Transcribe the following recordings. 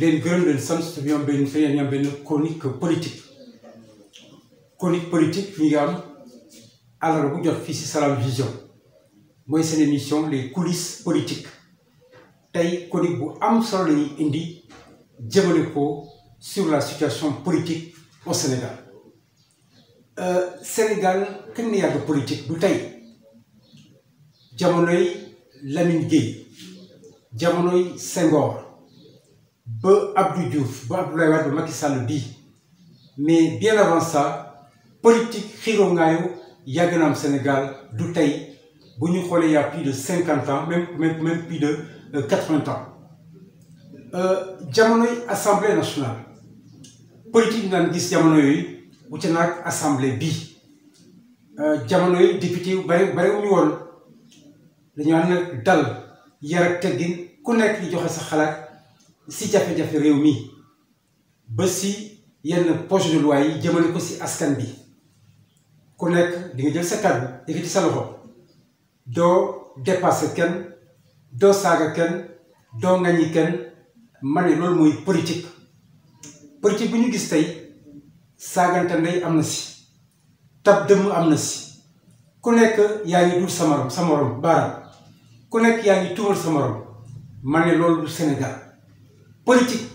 leen gërëm leen sant ñoom benn fi ñoom benn chronique politique chronique politique ñu ngi am alors bu jot fii si Salam Vision mooy seen émission les coulisses politiques tey chronique bu am solo la indi jëmale ko sur la situation politique au Sénégal euh, Sénégal kenn na yàgg politique du tey jamonoy Lamine Gueye jamonoy Senghor ba Abdou Diouf ba Abdoulaye Wade ba Macky Sall bii mais bien avant ça politique xiiroo ngaayu yàgg na am Sénégal du tey bu ñu xoolee y' plus de cinquante ans même même même plus de euh, quatre-vingts ans euh, jamonoy assemblée nationale politique yi gis jamono yooyu wute naag assemblée bii euh, jamono député yu woon dañoo am nag dal yar teggin ku nekk di joxe sa xalaat. si jafe-jafe réew mi ba si yenn projet de loi yi jëmale ko si askan bi ku nekk di nga jël sa kàddu yëkkati sa loxo doo dépasser kenn doo saaga kenn doo ŋaññi kenn ma ne loolu mooy politique politique bu ñu gis tey saagante ndey am na si tab dëmm am na si ku nekk yaa ngi dul sa morom sa morom baaraam ku nekk yaa ngi tuumal sa morom ma ne loolu du Sénégal politique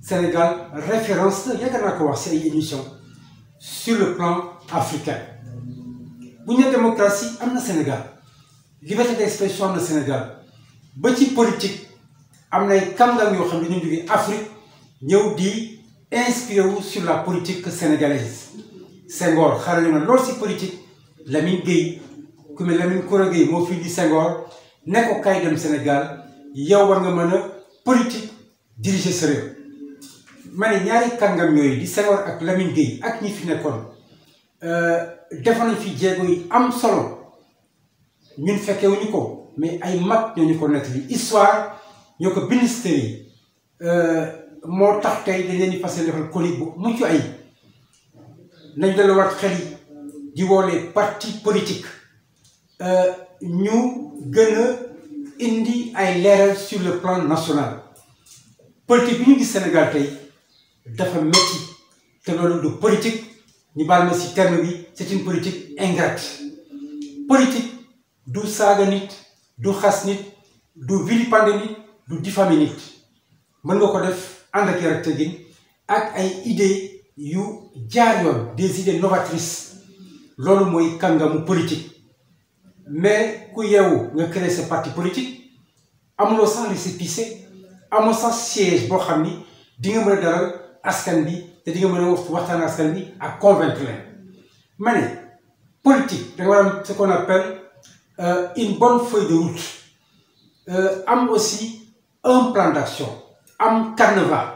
Sénégal référence la naa ko wax si ay émission sur le plan africain bu ñu démocratie am na Sénégal liberté d'expression am na Sénégal ba ci politique am nay kàngam yoo xam ne ñu jógee Afrique ñëw di inspiré wu sur la politique sénégalaise Senghor xarale na lool si politique Lamine Gueye ku mel Lamine Koura moo fii di Senghor ne ko kay dem Sénégal yow war nga mën a politique. diriger sa réew ma ne ñaari kàngam yooyu di Senghor ak Lamine Gueye ak ñi fi nekkoon euh, defoon nañ fi jéego yi am solo ñun fekkewuñu ko mais ay mag ñoo ñu ko nettali histoire ñoo ko ministère euh, moo tax tey dañ leen di fas yéene defal chronique bu mucc ay nañ delluwaat xel yi di woolee parti politique euh, ñu gën a indi ay leeral sur le plan national politique bi ñu gis Sénégal tey dafa metti te du politique ñu baal ma si terme bi c'est une politique ingrate du saaga nit du xas nit du vilipande nit du diffamer nit mën nga ko def ànd ak yar ak ay idées yu jaar yoon des idées loolu mooy kàngamu politique mais ku yeewu nga créer sa parti politique amuloo sax récépissé amoon sax siège boo xam ni di nga mën a dalal askan bi te di nga mën a waxtaan askan bi ak convaincre leen ma ne politique da war am ce qu'on appelle euh, une bonne feuille de route euh, am aussi un plan d'action am carnaval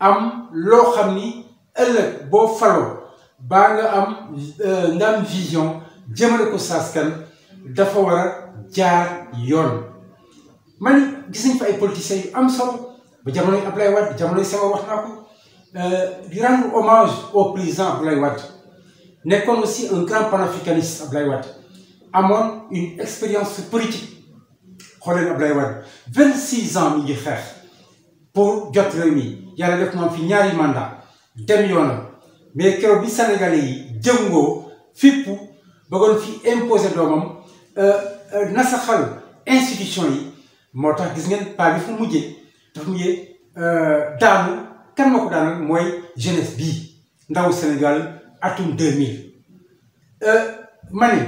am loo xam ni ëllëg boo faloo baa nga am euh, nga am vision jëmale ko askan dafa war a jaar yoon man gis nañ ay politiciens yu am solo bu jamono Ablaye Wade jamonoy wax naa ko euh, di rendre hommage au président Ablaye Wade nekkoon aussi un grand panafricaniste Ablaye Wade amoon une expérience politique xooleen Ablaye Wade vingt six ans ngi xeex pour jot réew mi yàlla def moom fi ñaari mandat dem yoonam mais keroog bi sénégalais yi jëngoo fippu bëggoon fi imposer doomam euh, euh, nasaxal institution yi moo tax gis ngeen pas bi fu mujjee premier euh, daanu kan moo ko daanal mooy jeunesse bii ndaw Sénégal atum 2000 euh, ma ne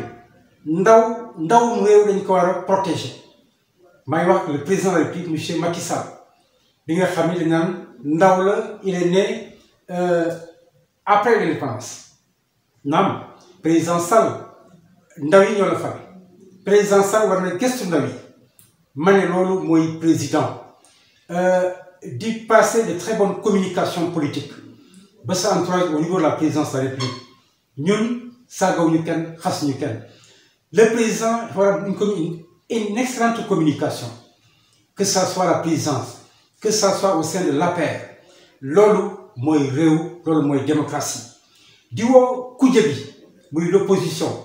ndaw ndaw réew dañ ko war a protéger maa ngi wax le président de la République monsieur Macky Sall bi nga xam ne dañ naan ndaw la il est né euh, après l'indépendance naam président Sall ndaw yi ñoo la fal président Sall war na gëstu ndaw yi ma ne loolu mooy président euh, d'y passer de très bonnes communications politiques ba sa entourage au niveau de la présidence de la République ñun saagaw ñu kenn xas ñu kenn le président war excellente communication que ça soit la présidence que ça soit au sein de l'APR loolu mooy réew loolu mooy démocratie di woo kuje bi muy l'opposition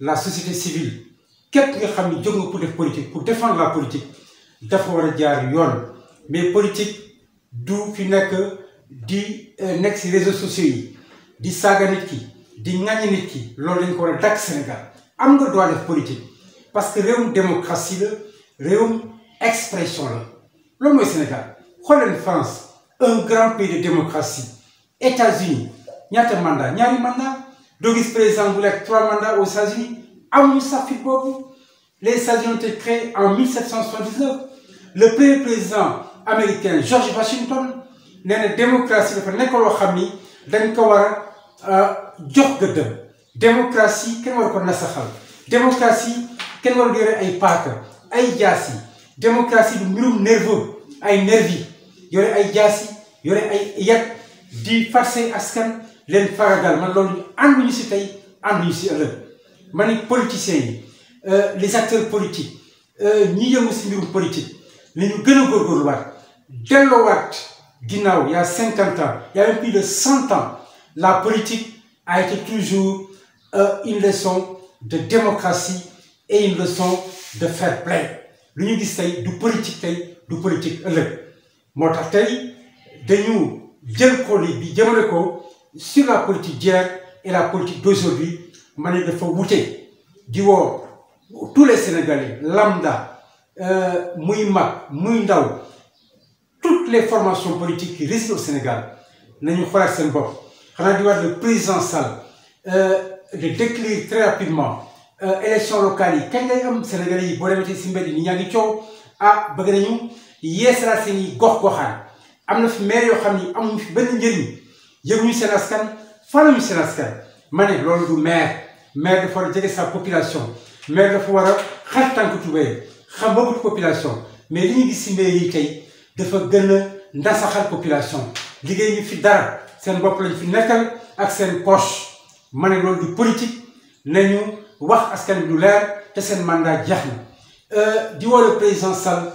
la société civile képp nga xam ne jóg nga pour def politique pour défendre la politique dafa war a jaar yoon mais politique du fi nekk di euh, nekk si réseau sociaux yi di saaga nit ki di ŋàññi nit ki loolu lañ ko war a Sénégal am nga droit def politique parce que réewum démocratie la réewum expression la loolu mooy Sénégal xooleen France un grand pays de démocratie États-Unis ñaata mandat ñaari mandat doo gis président bu lekk trois mandats aux États-Unis am sax fit boobu les États-Unis ont été créés en 1779 le premier président américain George Washington nee na démocratie dafa nekk loo xam ni dañ ko war a euh, jox gëddëm démocratie kenn war ko nasaxal démocratie kenn war yore ay paaka ay jaas yi démocratie du mbirum nerveux ay nervi yore ay jaas yore ay yat di farse askan leen faragal man loolu ñu ànduñu si tey ànduñu si ëllëg ma ni politiciens yi euh, les acteurs politiques euh, ñi yëngu si mbirum politique li ñu gën a góorgóorluwaat delloowaat ginnaaw il y a cinquante ans il y plus de cent ans la politique a été toujours euh, une leçon de démocratie et une leçon de fair play lu ñu gis tey du politique tey du politique ëllëg moo tax tey dañu jël chronique bi jëmale ko sur la politique d'hier et la politique d'aujourd'hui ma ne dafa wute di woo tous les Sénégalais lambda euh, muy mag muy ndaw les formation politiques qui restent au Sénégal nañu xoolaat seen bopp xanaa di wax le président Sall le euh, déclin très rapidement euh, élections locales yi kañ lay am Sénégalais yi boo demee ci si mbedd yi ñaa ngi coow ah bëgg nañu yeesalaat seen i gox-goxaan am na fi maire yoo xam ni amuñu fi benn njëriñ yëguñu seen askan faluñu seen askan ma ne loolu du maire maire dafa war a jege sa population maire dafa war a xar tànk tubéyam xam bëggut population mais li ñu gis si maire yi tey dafa gën a ndasaxal population liggéey ñu fi dar seen bopp lañ fi nekkal ak seen poche ma ne loolu du politique nañu wax askan bi lu leer te seen mandat jeex na euh, di woo le président Sall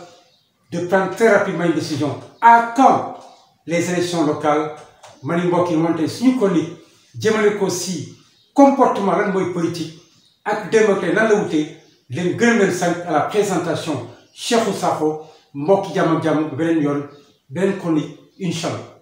de prendre très rapidement une décision à les élections locales ma ni mbokk yi moom tey suñu chronique jëmale ko si comportement lan mooy politique ak démocratie nan la wutee leen gën a leen sant à la présentation Cheikhou Sakho mbokk jàmm ak jàmm yoon beneen chronique incha allah